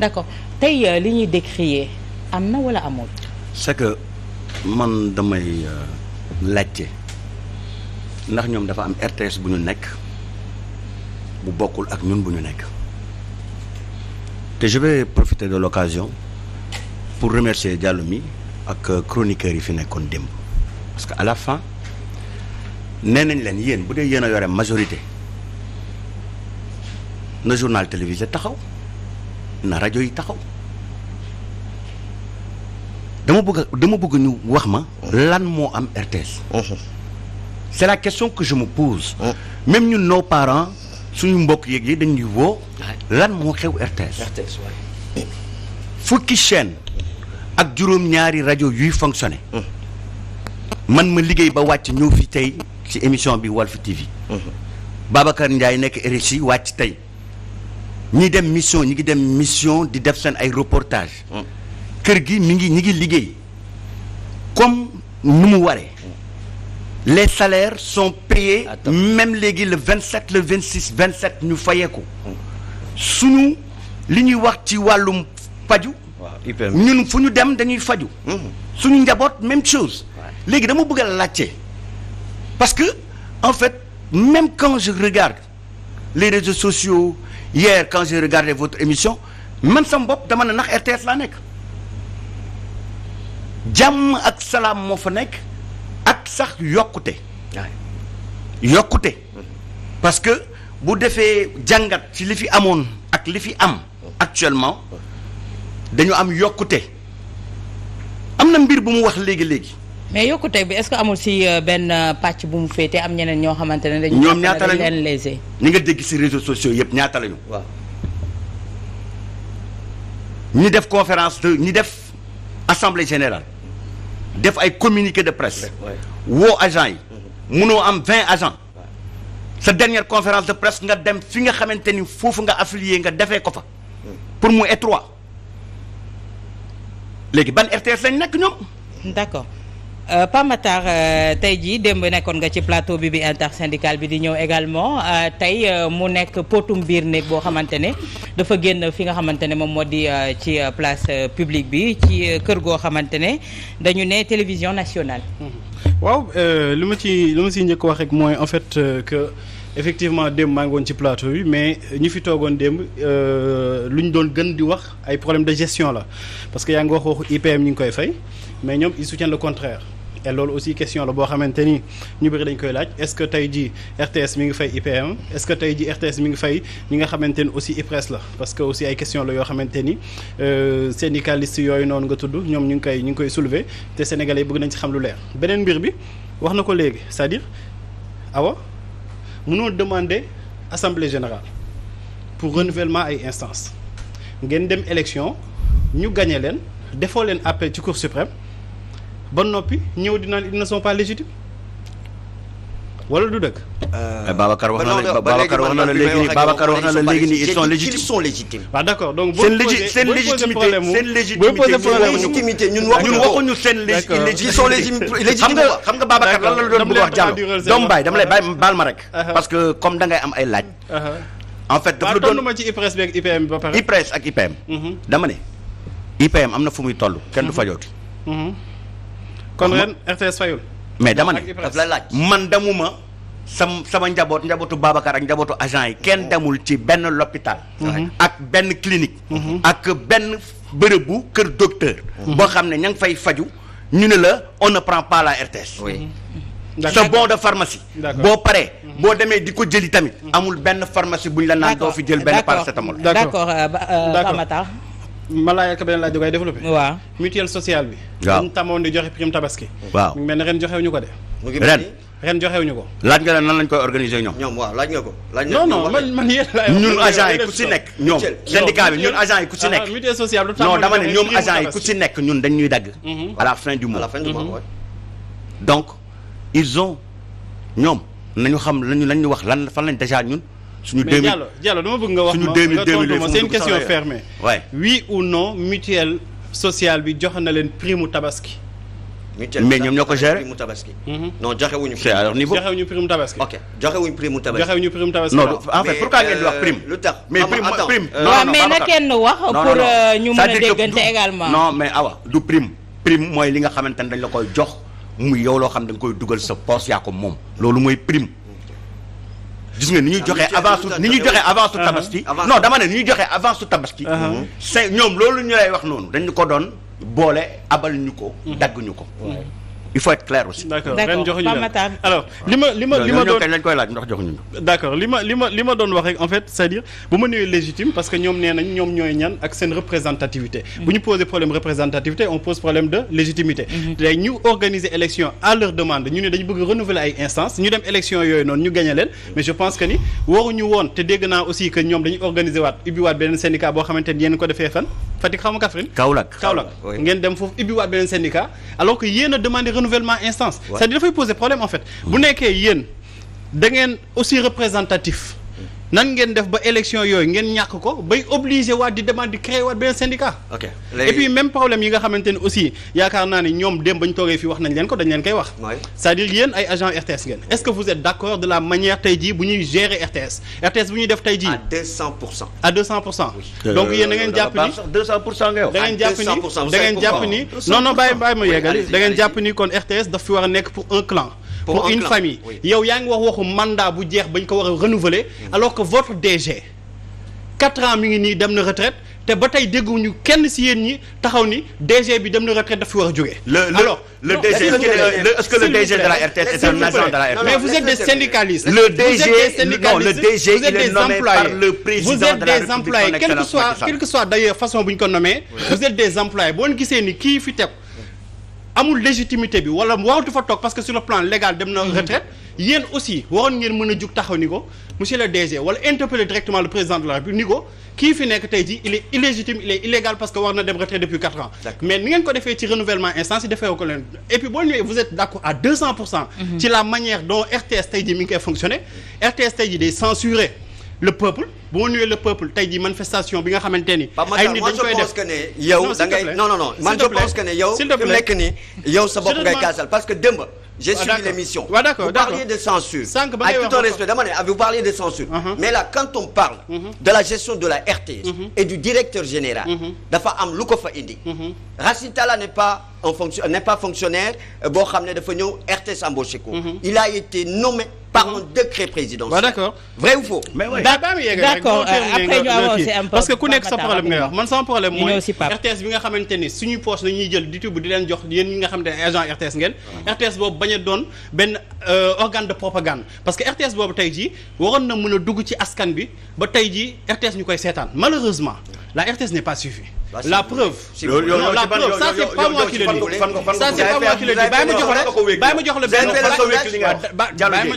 d'accord tey euh, li ñuy décrier am na wala amul. c'est que man damay euh, laajte ndax ñoom dafa am RTS bu ñu nekk bu bokkul ak ñun bu ñu nekk te je profité de l'occasion pour remercier Diallo mi ak euh, chroniqueurs yi fi nekkoon démb parce que à la fin nee nañ leen yéen bu dee yéen a yore majorité na journal télévisé taxaw. na rajo yi taxaw dama bëgg dama bëgg ñu wax ma lan moo am RTS mhm. c'est la question que je me pose mhm. même ñun nos parents suñu mbokk yeeg yi dañuy woo lan moo xew RTS fukki chaîne ak juróom-ñaari rajo yuy fonctionné mhm. man ma liggéey ba wàcc ñëw fi tey ci émission bi Walf TV Babacar Ndiaye nekk RFI wàcc tey ñi dem mission ñu ngi dem mission di def seen ay reportage mm. kër gi mi ngi ñu ngi liggéey comme nu mu waree les salaires sont payés Attends. même léegi le 27 le 26 27 ñu fayee ko suñu li ñuy wax ci wàllum faju ñun fu ñu dem dañuy faju mm. suñu njaboot même chose léegi dama bëgg a laajte parce que en fait même quand je regarde les réseaux sociaux hier quand j'ai regardé votre émission man sama bopp dama ne ndax RTS laa nekk jàmm ak salaam moo fa nekk ak sax yokkute yokkute mm-hmm. parce que bu defee jàngat ci li fi amoon ak li fi am mm-hmm. actuellement mm-hmm. dañu am yokkute am na mbir bu mu wax léegi-léegi mais yokkute bi est-ce que amul si euh, benn euh, pàcc bu mu féete am ñeneen ñoo xamante ne dañu. ñoom ñaata lañu leen léser nga dégg si réseaux sociaux yëpp ñaata lañu. waaw ñi def conférence de ñi def assemblée générale def ay communiqué de presse. woo agent yi. Mm-hmm. munoo am vingt agent sa dernière conférence de presse nga dem fi nga xamante ni foofu nga affilié nga defee ko fa. Mm. pour mu étroit léegi ban RTS lañ nekk ñoom. d'accord. Euh, Pape Matar euh, tey jii démb nekkoon nga ci plateau bi bi intersyndical bi di ñëw également euh, tey mu nekk potum biir néeg boo xamante ne dafa génn fi nga xamante ne moom moo di ci place publique bi ci kër goo xamante ne dañu ne télévision nationale. waaw li ma ci lu ma ci njëkk wax rek mooy en fait que. effectivement démb maa ngi ci plateau bi mais ñu fi toogoon démb lu ñu doon gën di wax ay problème de gestion la parce que yaa ngi wax waxu IPM ñu ngi koy fay mais ñoom ils soutiennent et loolu aussi question la boo xamante ni ñu bëri dañ koy laaj est-ce que tey jii RTS mi ngi fay IPM est-ce que tey jii RTS mi ngi fay ñi nga xamante ni aussi IPRES la parce que aussi ay question la yoo xamante ni euh, syndicaliste yooyu noonu nga tudd ñoom ñu ngi koy ñu ngi koy soulever te sénégalais yi bëgg nañ ci xam lu leer beneen mbir bi wax na ko léegi sa à dire awa mënoo demander assemblée générale pour renouvellement ay instance ngeen dem élection ñu gagné leen defoo leen appel ci cour suprême ba noppi ñëw di naan ils ne sont pas légitimes wala du dëkk. Euh, Babacar wax na la Babacar wax na léegi nii Babacar wax na la léegi nii ils sont légitimes ils sont légitimes. waaw ah, d'accord donc booy posé seen légitimité seen légitimité ñun waxuñu seen légitimité xam nga xam nga Babacar lan la doon bëgg wax Diallo doomu baay dama lay baal ma rek. Uh-huh. parce que comme da am ay laaj. Uh-huh. en fait daf doon ma ci IPRES bi ak IPM ba pare. IPRES ak IPM. Mm-hmm. dama ne IPM am na fu muy toll kenn du mm-hmm. fajooti. Mm-hmm. kon ren RTS mais dama ne daf la laaj man demuma sam sama njaboot njabootu Babacar ak njabootu agent yi kenn oh. demul ci benn l'hôpital ak benn clinique. Mhm. ak benn bërëbu kër docteur. Mhm. boo xam ne ña ngi fay faju ñu ne la on ne prend pas la RTS. oui sa mhm. bon de pharmacie. boo paree. boo demee di ko jël jëli tamit. amul benn pharmacie bu ñu la naan doo fi jël benn paracétamol. d'accord d'accord euh, euh, ma laajal ko beneen laaj da koy développé. waaw mutuelle sociale bi. waaw waaw mel ne ren joxewuñu ko de. ren ren joxewuñu ko. laaj nga leen nan lañ koy organiser ñoom. ñoom waaw laaj ko. laaj nga ko non non man ñun agent yi ku si nekk. ñoom syndicat bi ñun agent yi ku si nekk. Ah, mutuelle sociale du tàmmoon non dama ne ñoom agent yi ku si ñun dañ ñuy dagg. Mhm. à la fin du mois à mhm. donc ils ont ñoom nañu xam lañu lañu wax lan fan lañ déjà ñun suñu mais Diallo Diallo dama bëgg nga wax ma nga tontu ma c'est une bi jox na leen prime tabaski mais ñoom ñoo ko gérer prime tabaski mhm. non joxe wuñu joxe wuñu prime tabaski ok joxe wuñu prime tabaski joxe wuñu prime tabaski non en fait pourquoi ngeen di wax euh, prime mais a déggante également mooy li nga xamante ne dañ la koy jox muy yow loo xam danga koy dugal sa poche yaa ko moom loolu mooy prime gis nga ni ñu joxe avant ni ñu uh-huh. joxe avance su tabaski. non dama ni ñu joxe avance su tabaski. c'est ñoom loolu ñu lay wax noonu dañu ko doon boole abal ñu ko uh-huh. dagg ñu ko. Uh-huh. il faut être clair aussi. li ma li ma doon wax rek en fait c' dire bu ma nuyee légitime parce que ñoom nee nañ ñooy ñan ak seen représentativité. Mm-hmm. bu ñu posé problème représentativité on pose problème de légitimité. Mm-hmm. tey ñu organiser élection à leur demande ñu ne dañu bëgg renouveler ay instances ñu dem élection yooyu noonu ñu gagné leen mais je pense que ni waruñu woon te dégg naa aussi que ñoom dañuy organiser waat ubbiwaat beneen syndicat boo xamante renouvellement instance c'est-à-dire dafay poser problème en fait bu nekkee yéen da ngeen aussi représentatif nan ngeen def ba élection yooyu ngeen ñàkk ko bay obligé waat di demande di créer waat benn syndicat. ok et problème yi nga xamante ne aussi yaakaar naa ne ñoom dem bañ toogee fii wax nañ leen ko dañ leen koy wax. c'est-à-dire yéen ay agent RTS ngeen. est-ce que d'accord de la manière tey jii bu ñuy gérer RTS RTS bu ñuy def tey jii. à 200 pour cent. à 200 pour cent. Euh, donc yéen da ngeen jàpp ni 200 pour cent ngay wax. à 200 ngeen jàpp ni da jàpp ni kon RTS daf fi war a nekk pour un clan pour, pour un une clan. famille yow yaa ngi wax waxu mandat bu jeex bañ ko war a renouveler mm-hmm. alors que votre DG quatre ans mi ngi nii dem na retraite te ba tey dégguñu kenn si yéen ñi taxaw ni DG bi dem na retraite daf fi war a jógee alors le DG est-ce que le DG de la RTS est un agent de la soit d'ailleurs façon bu ñu ko nommé vous êtes des employés boo gisee ni kii fi teg amul légitimité bi wala waratu fa toog parce que sur le plan légal dem na hmm. retraite yéen aussi waroon ngeen mën a jug taxaw ni ko monsieur le DG interpeller directement le président de la République ni kii fi nekk tey jii il est illégitime il est illégal parce que war na dem retraite depuis quatre ans mais ni ngeen ko defee ci renouvellement instance yi defee ko leen et puis boo ñëwee vous êtes d'accord à deux cent pour cent hmm. ci la manière dont RTS le peuple boo nuyee le peuple tey jii manifestation bi nga xamante ni. ay nit dañ koy def non non non man je pense parce que démb. j'ai suivi l'émission vous parliez de censure sànq ba ngay respect dama ne ah, vous parliez de censure uh-huh. mais là quand on parle uh-huh. de la gestion de la RTS uh-huh. et du directeur général dafa am lu ko fa n'est pas un fonction n'est pas fonctionnaire euh, boo xam ne dafa ñëw RTS embauché ko. Mhm. il a été nommé par un décret présidentiel. waaw après ñu avancé am parce que ku nekk sa problème ngay wax man sama problème mooy RTS bi nga xamante ni suñu poche la ñuy jël di tibb di leen jox yéen ñi nga xamante ne agent RTS ngeen. Ah. RTS boobu bañ a doon benn euh, organe de propagande parce que RTS boobu tey jii waroon na mën a dugg ci askan bi ba tey ji RTS ñu koy seetaan malheureusement la RTS n'est pas suffisante. la preuve. loolu yow la preuve ça c'est pas moi qui le dis ça ma jox la benn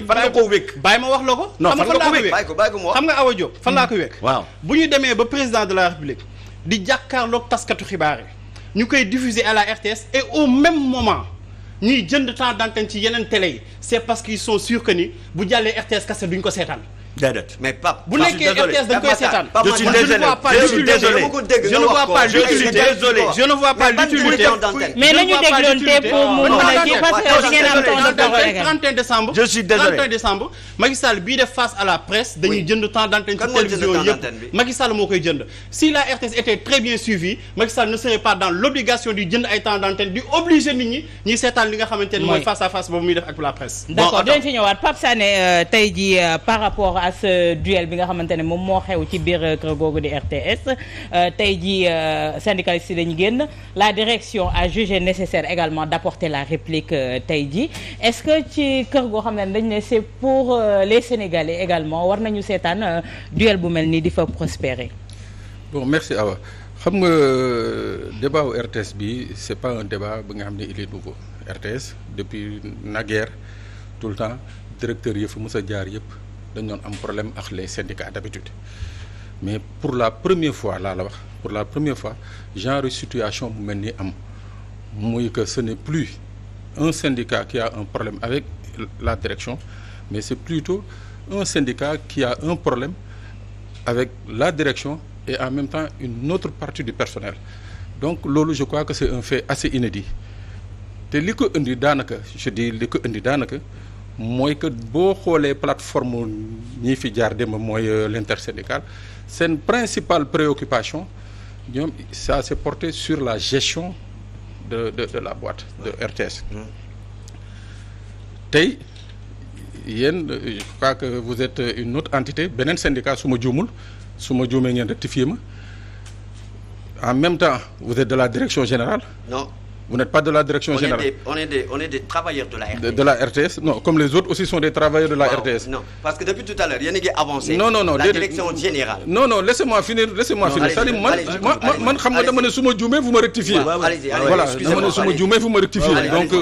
fan ko wékk bàyyi ma wax la ko. xam nga Awa Diop fan laa ko wékk. bu ñu demee ba président de la république di jàkkaarloog taskatu xibaar yi ñu koy diffuser à la RTS et au même moment ñuy jënd temps d'antenne ci yeneen télé yi c'est parce qu'ils sont sûrs que ni bu jàllee RTS kase duñ ko seetaan. bu nekkee RTS dañ koy seetaan. je ne vois pas l'utilité je ne vois pas l'utilité mais nañu dégloon te pour mu mën a kii parce que da ngeen décembre. je suis def face à la presse dañuy jënd temps d'antenne ci télévision yëpp moo koy jënd. si la RTS était très bien suivie Macky ne serait pas dans l'obligation di jënd ay temps d'antenne di obliger nit ñi ñuy seetaan li nga xamante ne mooy face à face boobu muy def ak la presse. d'accord dinañ fi ñëwaat à ce duel bi nga xamante ne moom moo xew ci biir kër googu di RTS euh, tey jii euh, syndicalistes yi dañu génn la direction a jugé nécessaire également d'apporter la réplique euh, tey jii est-ce que ci kër goo xam ne dañ ne c'est pour les Sénégalais également war nañu seetaan duel bu mel nii di fa prospérer. bon merci Awa xam nga débat RTS bi c'est pas un débat bi nga xam ne il est nouveau RTS depuis naguère tout le temps directeur yi fa mës a jaar yëpp. dañ doon am problème ak les syndicats d'habitude mais pour la première fois laa la wax pour la première fois genre situation bu mel ni am muy que ce n'est plus un syndicat qui a un problème avec la direction mais c'est plutôt un syndicat qui a un problème avec la direction et en même temps une autre partie du personnel donc loolu je crois que c'est un fait assez inédit te li ko indi daanaka je dis li ko indi daanaka mooy que boo xoolee plateforme ñii fi jaar démb mooy euh, l'intersyndicale seen principale préoccupation ñoom ça s'est porté sur la gestion de de de la boîte de RTS. Mm. tey yéen je crois que vous êtes une autre entité beneen syndicat su ma juumul su ma juumee ngeen rectifié ma en même temps vous êtes de la direction générale. vous n'êtes pas de la direction on générale. Est des, on, est des, on est des travailleurs de la RTS. De, de la RTS Non, comme les autres aussi sont des travailleurs de la wow, RTS. Non, Non, non, laissez-moi finir. Laissez-moi finir. C'est-à-dire, moi, moi, moi, moi, vous me rectifiez. Voilà, moi vous me rectifiez. Donc,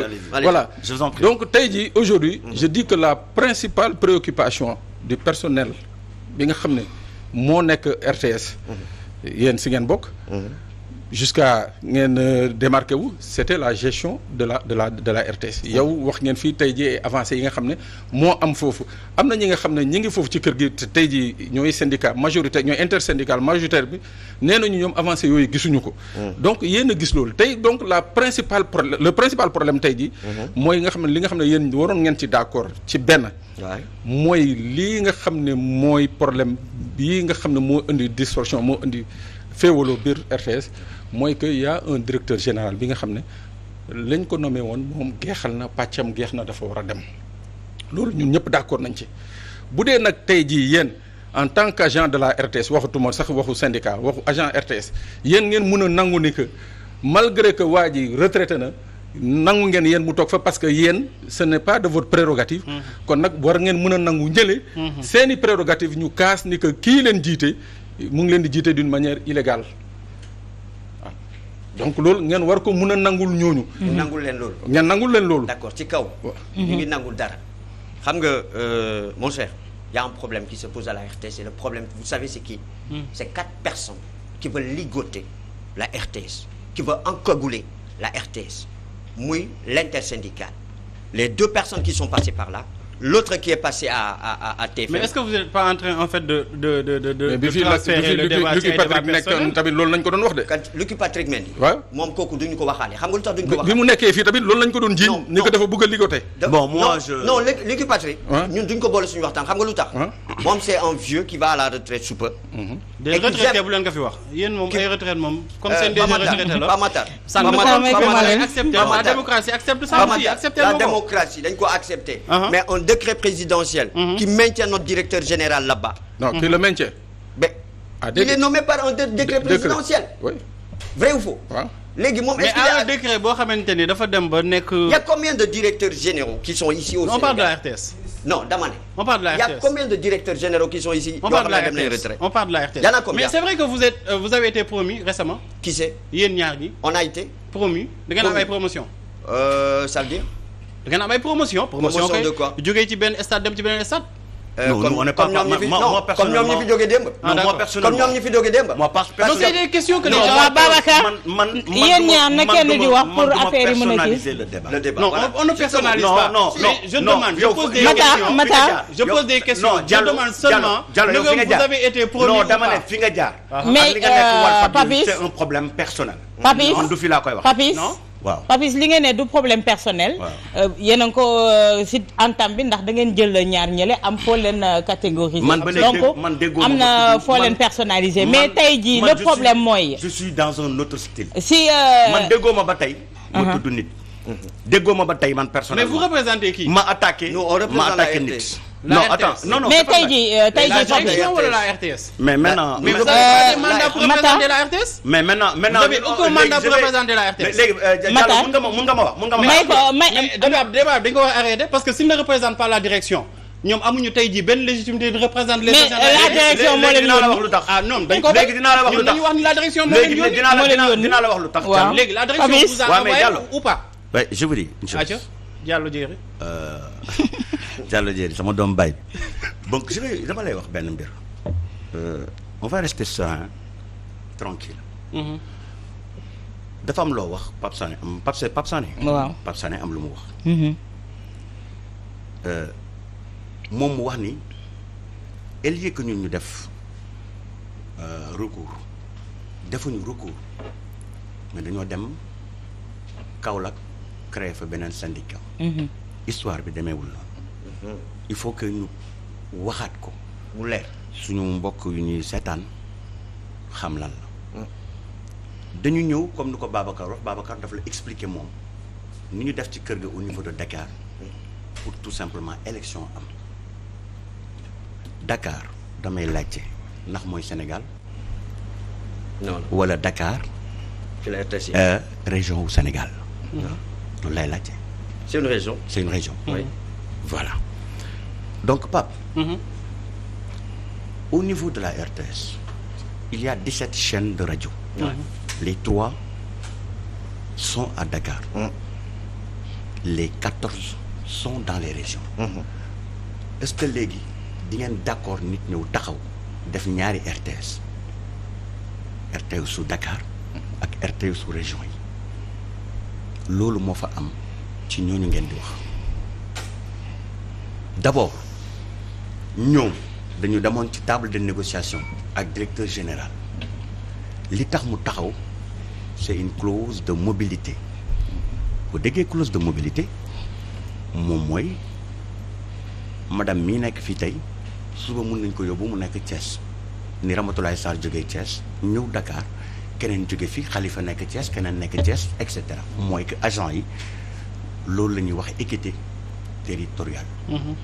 voilà. Je vous Donc, Taïdi, aujourd'hui, mm-hmm. je dis que la principale préoccupation du personnel, bien que RTS, il y a une jusqu'à ngeen euh, démarqué wu c'était la gestion de la de la de la RTS yow wax ngeen fii tey ji avancé yi nga xam ne moo am foofu am na ñi nga xam ne ñi ngi foofu ci kër gi te tey jii ñooy syndicat majorité ñooy intersyndical majoritaire bi nee nañu ñoom avancé yooyu gisuñu ko hmm. donc yéen a gis loolu tey donc la principale problème le principal problème tey jii hmm. mooy nga xam ne li nga xam ne yéen waroon ngeen ci d'accord ci benn mooy lii nga xam ne mooy problème bii nga xam ne moo indi distorsion moo indi féewaloo biir RTS mooy que y un directeur général bi nga xam ne lañ ko nommé woon moom geexal na pàccam geex na dafa war a dem loolu ñun ñëpp d'accord nañ ci bu dee nag tey jii yéen en tant que qu'agent de la RTS waxatuma sax waxu syndicat waxu agent RTS yéen ngeen mun a nangu ni que malgré que waa ji retraité na nangu ngeen yéen mu toog fa parce que yéen ce n'est pas de votre prérogative mm-hmm. kon nag war ngeen mën a nangu njële mm-hmm. seeni prérogative ñu kaas ni que kii leen jiite mu ngi leen di jiite d'une manière illégale ah. donc loolu ngeen war ko mun a nangul ñooñu. nangul leen loolu. ngeen nangul leen loolu. d'accord ci kaw. ñu ngi mhm. nangul dara. xam nga euh, mon cher y a un problème qui se pose à la RTS et le problème vous savez hmm. c'est quatre personnes qui veulent ligoter la RTS qui veulent encagouler la RTS muy l'intersyndicale les deux personnes qui sont passées par là. l'autre qui est passé à à loolu lañ ko doon wax de. kan Lucky Patrick Mendy. waaw moom kooku ko waxaale xam bi mu nekkee fii tamit loolu lañ ko doon jiiñ. ni ko dafa bëgg a non Lucky Patrick. c'est un vieux qui va à la retraite sous peu. Mhm. des retraités bu leen ko fi wax. yéen moom ay retraite moom. comme euh, seen des retraités la Pa Matar Pa Matar Pa Matar accepté la démocratie accepte ça aussi accepté la démocratie dañ ko accepté uh-huh. mais on décret présidentiel. Mmh. qui maintient notre directeur général là-bas. non qui le maintient. mais ah, il est nommé par un décret, décret. présidentiel. Oui. vrai ou faux. Ouais. léegi moom est un décret boo xamante ni dafa dem ba nekk. il combien de directeurs généraux qui sont ici au Sénégal on parle de la RTS. non dama ne. on parle de la RTS il y a combien de directeurs généraux qui sont ici. on parle de la RTS y en a mais c'est vrai que vous êtes euh, vous avez été promu récemment. qui c'est. yéen ñi. on a été. promu da ngeen am ay promotion. Euh, ça veut da ngeen am ay promotion promotion de quoi jógee ci benn stade dem ci beneen stade. Euh, comme on fi jógee démb. ah comme ñoom ñi c'est des questions que les gens. waaw Babacar man man yéen ñaar na di wax pour affaire yi a le débat non on ne personnalise pas. non Mata je pose des questions. je demande seulement. Diallo vous avez été euh, problème personnel. Papis du waaw Papis li ngeen ne du problème personnel. waaw euh, yéen a ngi ko euh, si entame bi ndax da ngeen jël ñaar ñële am foo leen euh, catégoriser. man ba donc am na foo leen personnaliser. mais tey jii le problème mooy. je suis dans un autre style. si. man déggoo ma ba tey. ma uh-huh. tudd nit. déggoo ma ba tey man personnellement. mais vous représentez qui. ma attaqué ma attaqué nit. non attends non non mais tey jii tey jii Pape Cheikh wala la RTS. mais maintenant. mais vous avez euh, mandat pour représenter la RTS. mais maintenant maintenant vous avez aucun euh, mandat pour représenter la RTS. léegi euh, Diallo mun nga ma mun nga ma wax mun nga ma. mais ko mais débat débat dañ ko war a arrêter parce que s'il ne représente pas la direction. ñoom amuñu tey jii benn légitimité de représenter les la direction moo leen yónni wax lu tax ah non léegi dinaa la wax lu tax wax ni la direction moo leen yónni dinaa la wax lu tax léegi la direction vous a envoyé ou pas je vous dis Diallo Diéry. Euh, Diallo Diéry sama doom baay bi donc je vais dama lay wax benn mbir. Euh, on tranquille mhm. dafa am loo wax Pape Sané am Pape Pape am lu mu wax. Mhm. Euh, moom mu wax ni au que ñun ñu def recours defuñu recours mais dañoo dem Kaolack. créé fa beneen syndicat. Mhm. histoire bi demeewul noonu. Mhm. il faut que ñu waxaat ko mu suñu mbokk yu ñuy seetaan xam lan la. Mhm. dañu ñëw comme ni ko Babacar wax Babacar daf la expliquer moom ni ñu def ci kër gi au niveau de Dakar pour tout simplement élection am Dakar damay laajte ndax mooy Sénégal. non wala Dakar. ci la euh, région wu Sénégal. loolu lay laajte. c'est une région. c'est une région. voilà donc Pape. Mm-hmm. au niveau de la RTS il ya a 17 chaînes de radio. Mm-hmm. les trois sont à Dakar. Mm-hmm. les 14 sont dans les régions. est-ce que léegi di ngeen d'accord nit ñëw taxaw def ñaari RTS RTS su Dakar ak RTS su région yi. loolu moo fa am ci ñooñu ngeen di wax d'abord ñoom dañu demoon ci table de négociation ak directeur général li tax mu taxaw c'est une close de mobilité bu déggee close de mobilité moom mooy madame mii nekk fii tey suba mun nañ ko yóbbu mu nekk Thiès ni ramatulaay Sarr jógee Thiès ñëw dakaar keneen jóge fii xalifa nekk Thiès keneen nekk Thiès et cetera mooy que agent yi loolu la ñuy wax équité territoriale mm-hmm.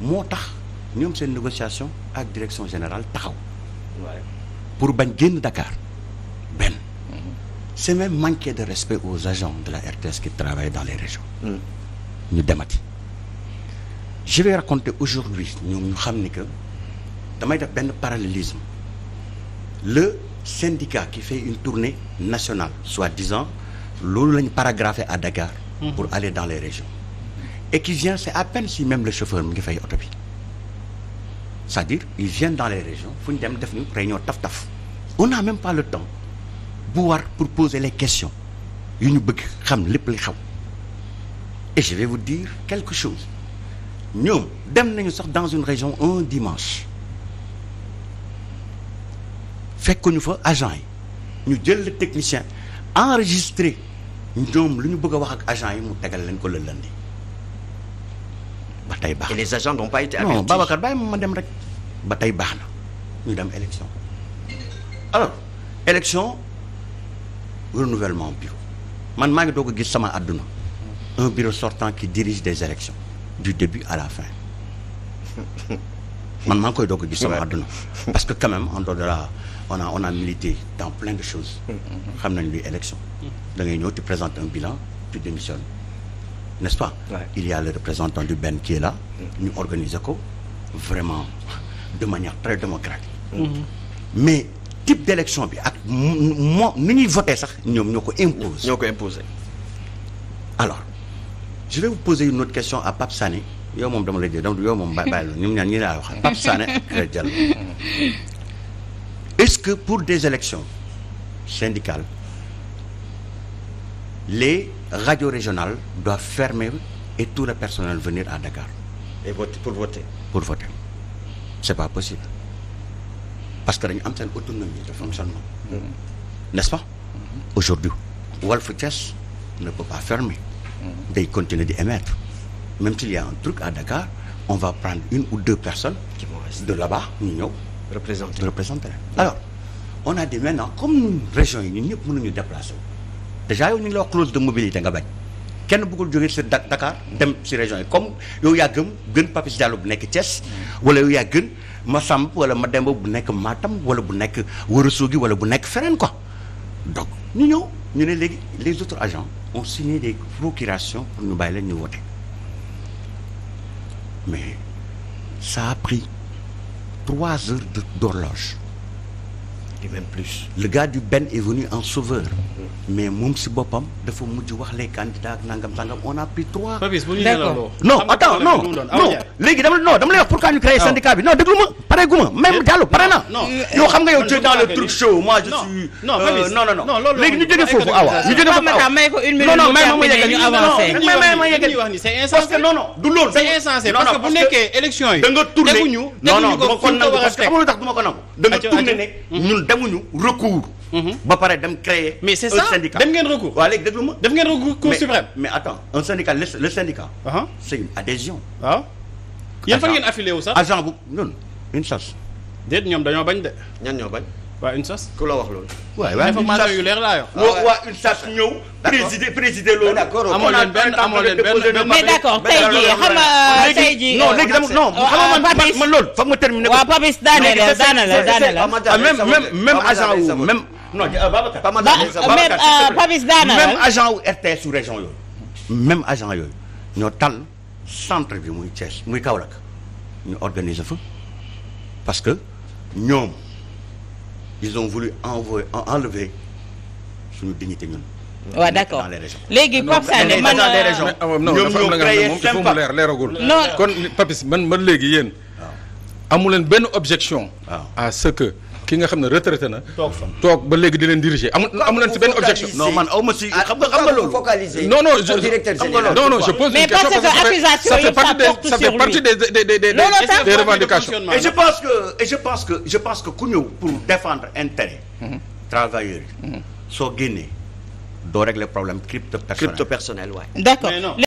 moo tax ñoom seen négociation ak direction général taxaw pour bañ génn Dakar benn mm-hmm. c'est même manquer de respect aux agents de la RTS qui travaillent dans les régions mm. ñu demati je vais raconter aujourd'hui ñoom ñu xam ni que damay def benn parallélisme le syndicat qui fait une tournée nationale soi-disant loolu lañ paragraphe à Dakar mhm. pour aller dans les régions et qui vient c'est à peine si même le chauffeur mu ngi fay oto bi c'est-à-dire ils viennent dans les régions fu ñu dem def ñu réunion taf-taf on n'a même pas le temps bu war pour poser les questions yu ñu bëgg xam lépp li xaw et je vais vous dire quelque chose ñoom dem nañu sax dans une région un dimanche ñu fa agent yi ñu jël le technicien enregistré ñoom lu ñu bëgg a wax ak agent yi mu tegal leen ko le lundi ba tey baax na. et les agents n'ont pas été avertis. non Babacar ma dem rek ba tey baax na ñu dem élection alors élection renouvellement bureau man maa ngi doog gis sama àdduna un bureau sortant qui dirige des élections du début à la fin man maa ngi koy doog gis sama àdduna parce que quand même en dehors de la on a on a milité dans plein de choses. xam nañ luy élection. da ngay ñëw tu présentes un bilan tu démissionnes n'est-ce pas. il y le représentant du benn qui est là. ñu organiser ko vraiment de manière très démocratique. Mm-hmm. mais type d'élection bi ak moo nu ñuy sax ñoom ñoo ko imposer. ñoo ko imposer. alors je vais vous poser une autre question à Pape Sané yow moom dama lay déglu yow moom bàyyi la ñoom ñaan ñu ne laa wax Sané ak Diallo. est que pour des élections syndicales les radios régionales doivent fermer et tout le personnel venir à Dakar. et voter pour voter. pour voter c'est pas possible parce que dañu am seen autonomie de fonctionnement. Mm-hmm. n'est-ce pas. Mm-hmm. aujourd'hui Walf Thiès ne peut pas fermer. Mm-hmm. day continuer di émettre même s'il y a un truc à Dakar on va prendre une ou deux personnes. de là-bas ñu ñëw. représenté représenté alors on a dit maintenant comme ñun régions yi ñun ñëpp mënuñu déplacé wu déjà yow ñu ngi la wax clause de mobilité nga bañ kenn bëggul jógee si Dakar dem si région yi comme yow yaa gëm gën Papis Diallo bu nekk Thiès wala yow yaa gën Massamb wala Mademba bu nekk maatam wala bu nekk Ourossogui wala bu nekk feneen quoi donc ñu ñëw ñu ne léegi les autres agents ont signé de procurations pour ñu bàyyi leen ñu wote mais ça a trois heures d'horloge et même le gars du Ben est venu en sauveur mais moom si boppam dafa mujj wax les candidats ak nangam sangam on a pris trois. non attends non léegi dama non dama lay wax pourquoi ñu créé ah. syndicat bi non déglu ma. pare guma même Diallo pare na. yow xam nga yow tu es dans le truc chaud moi je suis. Euh, non non non non léegi ñu jógee foofu awa ñu jógee foofu awa may ko une minute non non may ma ma yeggali ñu avancé may ma yeggali wax ni c'est insensé parce que non non du loolu c'est insensé parce que bu nekkee élection yi da nga tourné teguñu teguñu ko fu ko war a teg non non du ma ko nangu parce que amul tax du ma ko nangu da nga tourné ne mhm. ñun demuñu recours mhm. ba pare dem créer mais c'est ça dem ngeen recours waaw léegi déglu ma def ngeen recours cour suprême mais attends un syndicat le syndicat c'est une adhésion waaw yéen fan ngeen affilié wu sax agent bu ñun une charge. déet ñoom dañoo bañ de. ñan ñoo bañ. waa une charge. ku la wax loolu. waay waay information yu leer laa yor. waaw ah, waa une charge ñëw. présider présider loolu. d'accord amoo leen benn amoo leen benn mais d'accord tey jii xam nga tey jii. non léegi dama non xam nga man man loolu. foog ma terminer ko waaw Papis daane la daane la daane la. Ah, même même même agent wu même. non euh, Babacar. même euh, Papis daane la même agent wu RTS su région yooyu. même agent yooyu ñoo tal centre bi muy Thiès muy Kaolack ñu organiser fa. parce que ñoom ils ont voulu envoyer enlever suñu dignité ñun. waaw d'accord léegi ah, Pape Sané man ah, non la nga xam ne Papis man man léegi yéen. benn objection. à ce que. ki nga xam ne retraité na. toog fa toog ba diriger amul amul leen si objection. non man ah, non non je non non je pose que ça fait des des des des des et je pense que je pense que je pour défendre intérêt. Mhm. travailleurs yi. Mhm. soo génnee doo régler problème crypto personnel. crypto personnel waay. d'accord.